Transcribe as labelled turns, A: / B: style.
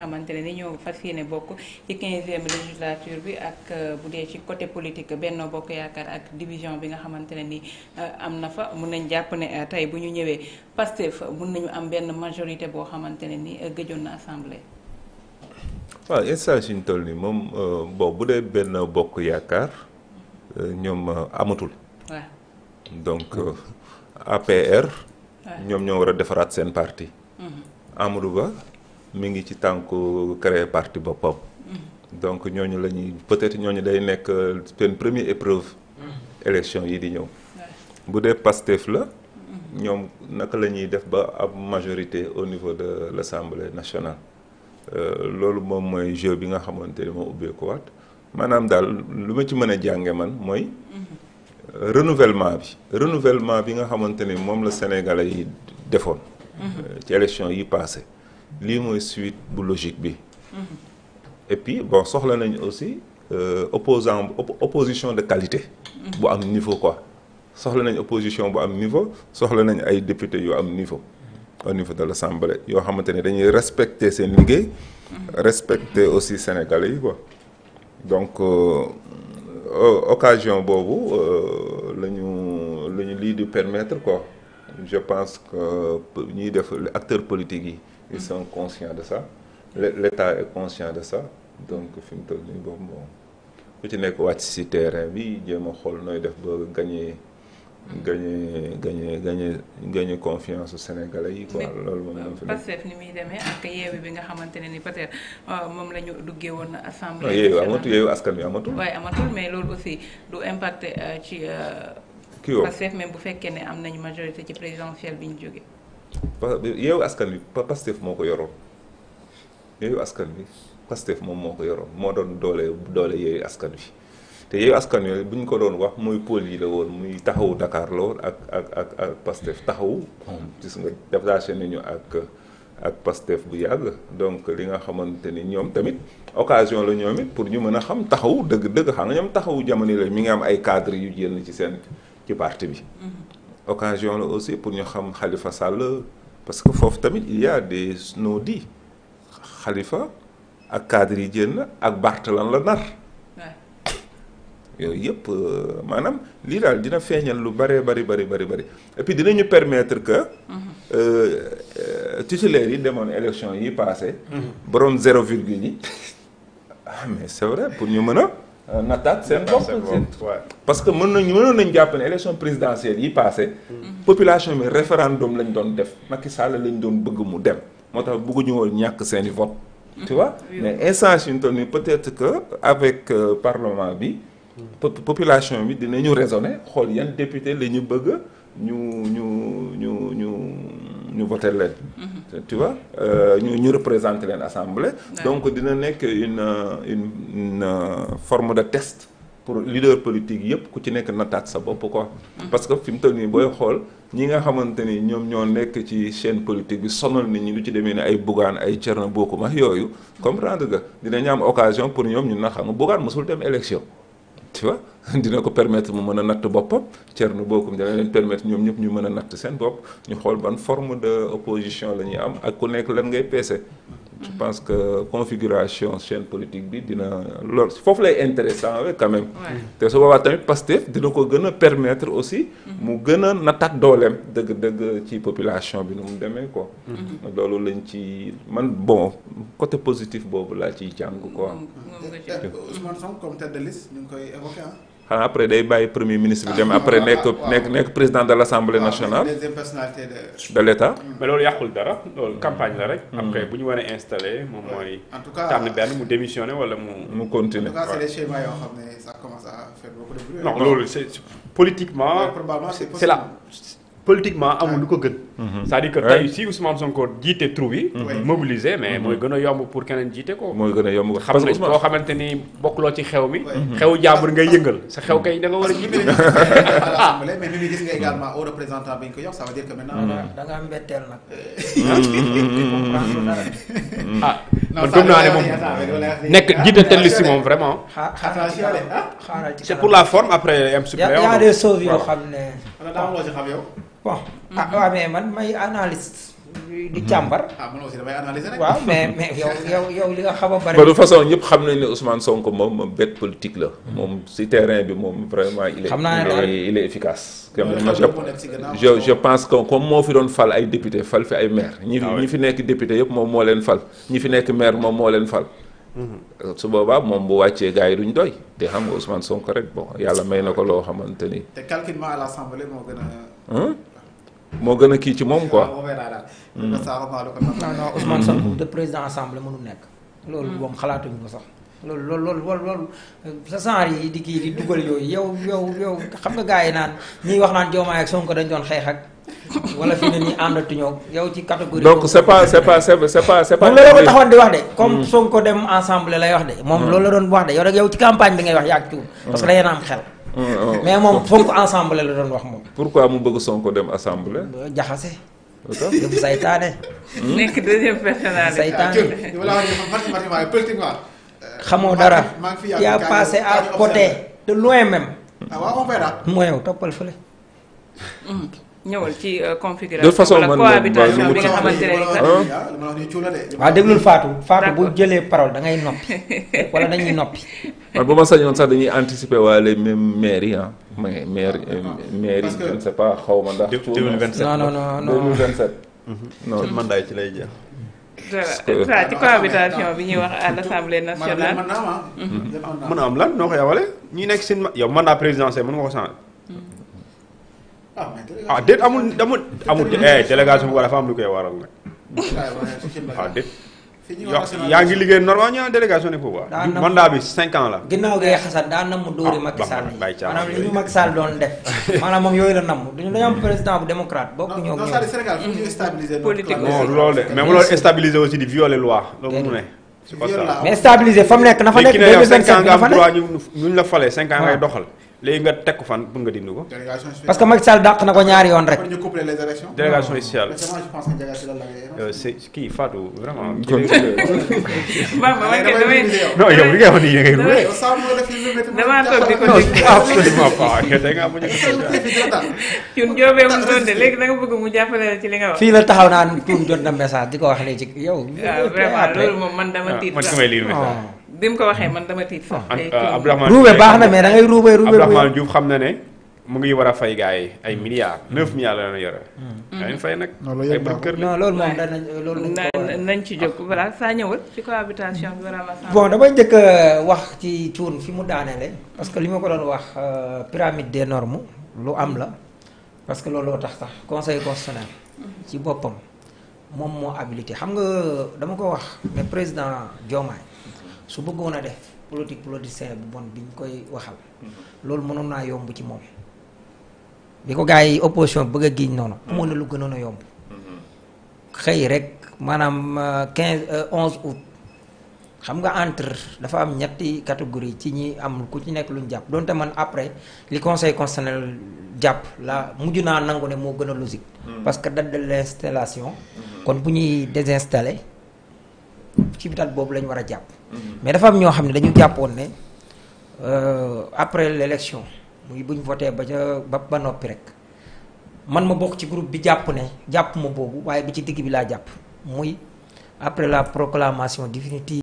A: xamante ne ni ñoo fas yéene bokk ci 15e législature bi ak euh, bu dee ci côté politique Benno Bokk Yaakaar ak division bi nga xamante ne ni euh, am na fa mun nañ jàpp ne euh, tey bu ñu ñëwee Pastef mun nañu am benn majorité boo xamante ne ni gëjoon na assemblée.
B: waaw instant suñ toll nii moom bon bu dee Benno Bokk Yaakaar ñoom amatul. donc APR. ñoom ñoo war a defaraat seen partie mm-hmm. Amadou Ba. mi ngi ci tànku créer parti boppam. donc ñooñu la ñuy peut-être ñooñu day nekk euh, seen première épreuve. élection yi di ñëw. bu dee Pastef la. ñoom naka la ñuy def ba ab majorité au niveau de l'Assemblée nationale. Euh, loolu moom mooy jeu bi nga xamante ni moo ubbeekuwaat maanaam daal lu ma ci mën a jànge man mooy. Mm-hmm. renouvellement renouvellement bi nga xamante ni moom la Sénégalais yi defoon. Mm-hmm. Euh, ci élection yi passé lii mooy suite bu logique bi.
A: Mm-hmm.
B: et puis bon soxla nañu aussi euh, opposant opposition de qualité. Mm-hmm. bu am niveau quoi soxla nañ opposition bu am niveau soxla nañ ay député yu am niveau. au niveau de l'Assemblée yoo xamante ne dañuy respecter seen liggéey. Mm-hmm. respecter aussi Sénégalais yi quoi. donc euh, occasion boobu euh, la ñu la ñu lii di permettre ko je pense que ñuy def acteurs politique yi. ils sont conscients de ça l'état est conscient de ça donc fi mu toll nii boobu ci nekk wàcc si bi jéem a xool nooy def ba gagner gagner gagner gagner gagner confiance su sénégalais yi quoi loolu moom lañ fi. Euh, Pastef
A: ni muy demee ak yeewi bi nga xamante ne ni peut-être euh, moom la ñu duggee woon assemblée. Ah, yooyu amatul yeewi askan wi amatul. waaye amatul mais loolu aussi du impacter euh, ci. kii Pastef même bu fekkee ne am nañu majorité ci présidentielle bi ñu jógee.
B: yeewu askan wi Pastef moo ko yoroon yeewu askan wi Pastef moom moo ko yoroon moo doon doole doole yeewu askan wi te yeewu askan wi bu ñu ko doon wax muy pôle yi la woon muy taxawu Dakar la woon ak ak ak ak Pastef taxawu gis nga déplacé nañu ak ak Pastef bu yàgg donc li nga xamante ni ñoom tamit occasion la ñoom it pour ñu mën a xam taxawu dëgg dëgg xam nga ñoom taxawu jamono la mi ngi am ay cadre yu génn ci seen ci parti bi mm-hmm. occasion la aussi pour ñu xam Khalifa Sall parce que foofu tamit il y a des non ak cadre yi génn ak Bart lan la nar. yooyu yëpp euh, maanaam lii daal dina feeñal lu bëree bari bari bari bari et puis dinañu permettre que. Mhm. Euh, euh, titulaires yi demoon élection yi passé. Mhm. borom zéro virgule yi ah mais c'est vrai pour ñu mën a. nattaat seen bopp parce que mën nañu mënoon nañu jàpp ne élection présidentielle yi passé mm-hmm. population bi référendum lañu doon def Macky Sall lañ doon bëgg mu dem moo tax bëgguñu woon ñàkk seen i vote mm-hmm. mais instance yu ñu toll nii peut-être que avec euh, parlement bi mm. population bi dinañu raisonner xool yan député la ñu bëgg ñu ñu ñu ñu ñu voté leen. Mhm. tu vois euh, ñu ñu représenté leen assemblée. donc dina nekk une une forme de test. pour leader politique yëpp ku ci nekk nataat sa bopp ko mhm. parce que fi mu nii booy xool ñi nga xamante ni ñoom ñoo nekk ci chaîne politique bi sonal nit ñu lu ci demee ne ay Bougane ay Thierno Bocoum ak yooyu. Mhm. comprendre nga dinañ am occasion pour ñoom ñu na xam nga Bougane mosul dem élection. tu vois dina ko permettre mu mën a natt boppam Thierno Bocoum dana leen permettre ñoom ñëpp ñu mën a natt seen bopp ñu xool ban forme de opposition la ñuy am ak ku nekk lan ngay peese je pense que configuration chaîne politique bi dina lool foofu lay intéressant quand même te mm. su boobaa tamit Pastef dina ko gën a permettre aussi mm-hmm. mu gën a nataat dooleem dëgg dëgg ci population bi nu mu demee ko mm-hmm. loolu lañ ci man bon côté positif boobu laa ci jàng quoi euh,
C: Ousmane Sonko comme tête de liste ñu ngi koy évoquer
B: xanaa après day bàyyi premier ministre bi dem après nekk ah, nekk nekk président de l' assemblée ah, nationale.
C: de l' état. Mm. loolu yàqul dara loolu mm. campagne la rek. Mm. après bu ñu war a installé moom mooy. en tout cas tànn benn mu démissionné wala mu. mu continuer en tout
A: cas c'
C: non loolu c' est politiquement. la. politiquement amul lu ko gën.
B: Mhm. c'est-à-dire que tey
C: si Ousmane Sonko jiite trou bi. Mhm. mobilisé mais mhm. mooy gën a yomb pour keneen jiite ko. mooy gën a yomb ko xam nga koo xamante ni bokkuloo ci xew mi. xew jàmbur ngay yëngal sa xew kay da war a jiite. ah mais Mimi gis nga également
A: au mbetteel nag. ah. man gëm naa ne moom nekk jiite tel liste moom vraiment. c'est pour la forme après am suppléant. y a des choses yoo xam ne. waaw ah mm-hmm. waaw mais man may analyste. di càmbar. ah man aussi waaw mais mais yow yow li nga xam a bari. ba de façon
B: ñëpp xam nañ ne Ousmane Sonko moom moom bête politique la. moom si terrain bi moom vraiment. il est il est efficace. je je pense que comme moo fi doon fal ay député fal fi ay maire. ñi ah ñi fi nekk député yëpp moom moo leen fal. ñi fi nekk maire moom moo leen fal. Mm-hmm. su boobaa moom bu wàccee gars yi duñ doy. te xam nga Ousmane Sonko rek bon yàlla may na ko loo xamante ni. te calculement à moo moo gën a kii ci moom quoi.
A: Hmm. non non Ousmane Sonko hmm. de président assemblée mënul nekk. loolu hmm. moom xalaatuñu ko sax. loolu loolu loolu loolu sa genre yi di kii di dugal yooyu yow yow yow xam nga gars yi naan ñiy wax naan Diomaye ak Sonko dañ doon xeex ak. wala fi ne nii àndatuñoo yow ci catégorie. donc c' est
B: pas c' est pas c' est pas c' est pas. moom loolu la taxoon di wax de. comme
A: Sonko dem ensemble lay wax de. moom loolu la doon wax de yow rek yow ci campagne bi ngay wax yàgg ci parce que da ngeen am xel.
B: Oh, oh. mais moom
A: fonk ensemble la doon wax moom.
B: pourquoi mu bëgg Sonko dem assemblée.
A: jaxase. dëgg saytaane. Hmm? nekk deuxième personnalité. saytaane xamoo dara.
C: y a passé à côté.
A: de loin même. ah yow toppal fële. Hmm. ñëwal ci euh, configuration. de façon man cohabitation bi nga xamante ne sax. Ah, waaw déglul Fatou. Fatou bu jële parole da ngay noppi
B: wala dañuy noppi. man bu ma sañoon sax dañuy anticiper waa les mêmes maires yi euh, ah. mais maire maire xaw ma ndax. 2027 non non non non mhm. ci lay jeex. voilà
A: ci cohabitation bi ñuy wax à l'Assemblée nationale. mën naa
C: am ah. mhm. lan noo ko yawale ñi nekk seen yow mandat présidentiel mën nga ko changer.
B: Ah, ah déet
C: amul amul amul eh, délégation bu ko dafa am lu koy waral nag. ah, ah déet. yaa ngi liggéey normal ñu délégation ne pouvoir. mandat bi cinq ans la. ginnaaw
A: gay xasan daa namm dóori ah, Macky Sall yi maanaam li ñu Macky Sall doon def moom yooyu la namm dañu dañoo am président bu démocrate bokk ñoo ñëw. mais
C: stabiliser aussi di violer loi loolu mu ne. mais stabiliser fa mu nekk na fa nekk. 2025 na fa nekk ki ne yow ñu la falee cinq ans ngay doxal. léegi nga teg ko fan bëgg nga dindi ko. parce que Macky Sall dàq na ko ñaari yoon rek. ñu couplé les élections. délégation spéciale. Euh, c'est kii Fatou di ko dégg.
A: bëgg mu jàppale ci li fii la taxaw naan Thioune jot na message di ko wax léegi yow. Ah, vraiment man dama ah, tiit. man su may lire message. Oh. bi mu ko waxee man dama tiit sax. Euh, Abdourahmane ruube baax na mais da ngay ruube ruube.
C: Abdourahmane xam na ne mu ngi war a fay gars yi ay milliards. 9 mm. milliards la ñu yore. dañu mm. fay
A: nag. non loolu moom danañ loolu nañ ci jóg ah. voilà saa ñëwal ci cohabitation bi bon damay njëkk wax ci cuun fi mu daaneele parce que li ma ko doon wax euh, pyramide de normes lu am la parce que loolu loo tax sax conseil constitutionnel ci boppam moom moo habilité xam nga dama ko wax mais président Diomaye. su bëggoon a def politique politicien bu bon bi ñu koy waxal. loolu mënoon naa yomb ci moom. bi ko gars yi opposition bëgg a giñ noonu. amoon na lu gënoon a yomb. xëy rek maanaam euh, quinze euh, onze août. xam nga entre dafa am ñetti categorie ci ñi am ku ci nekk lu ñu jàpp donte man après li conseil constitutionnel jàpp la mujj naa nangu ne moo gën a logique. Mm-hmm. parce que date l'installation. Mm-hmm. kon bu ñuy désinstaller ci boobu lañ war a jàpp. Mhm. mais dafa am ñoo xam ne dañu jàppoon ne euh, après l' élection muy buñ voté ba ca ba ba noppi rek man ma bokk ci groupe bi jàpp ne jàpp ma boobu waaye bi ci digg bi laa jàpp muy après la proclamation définitive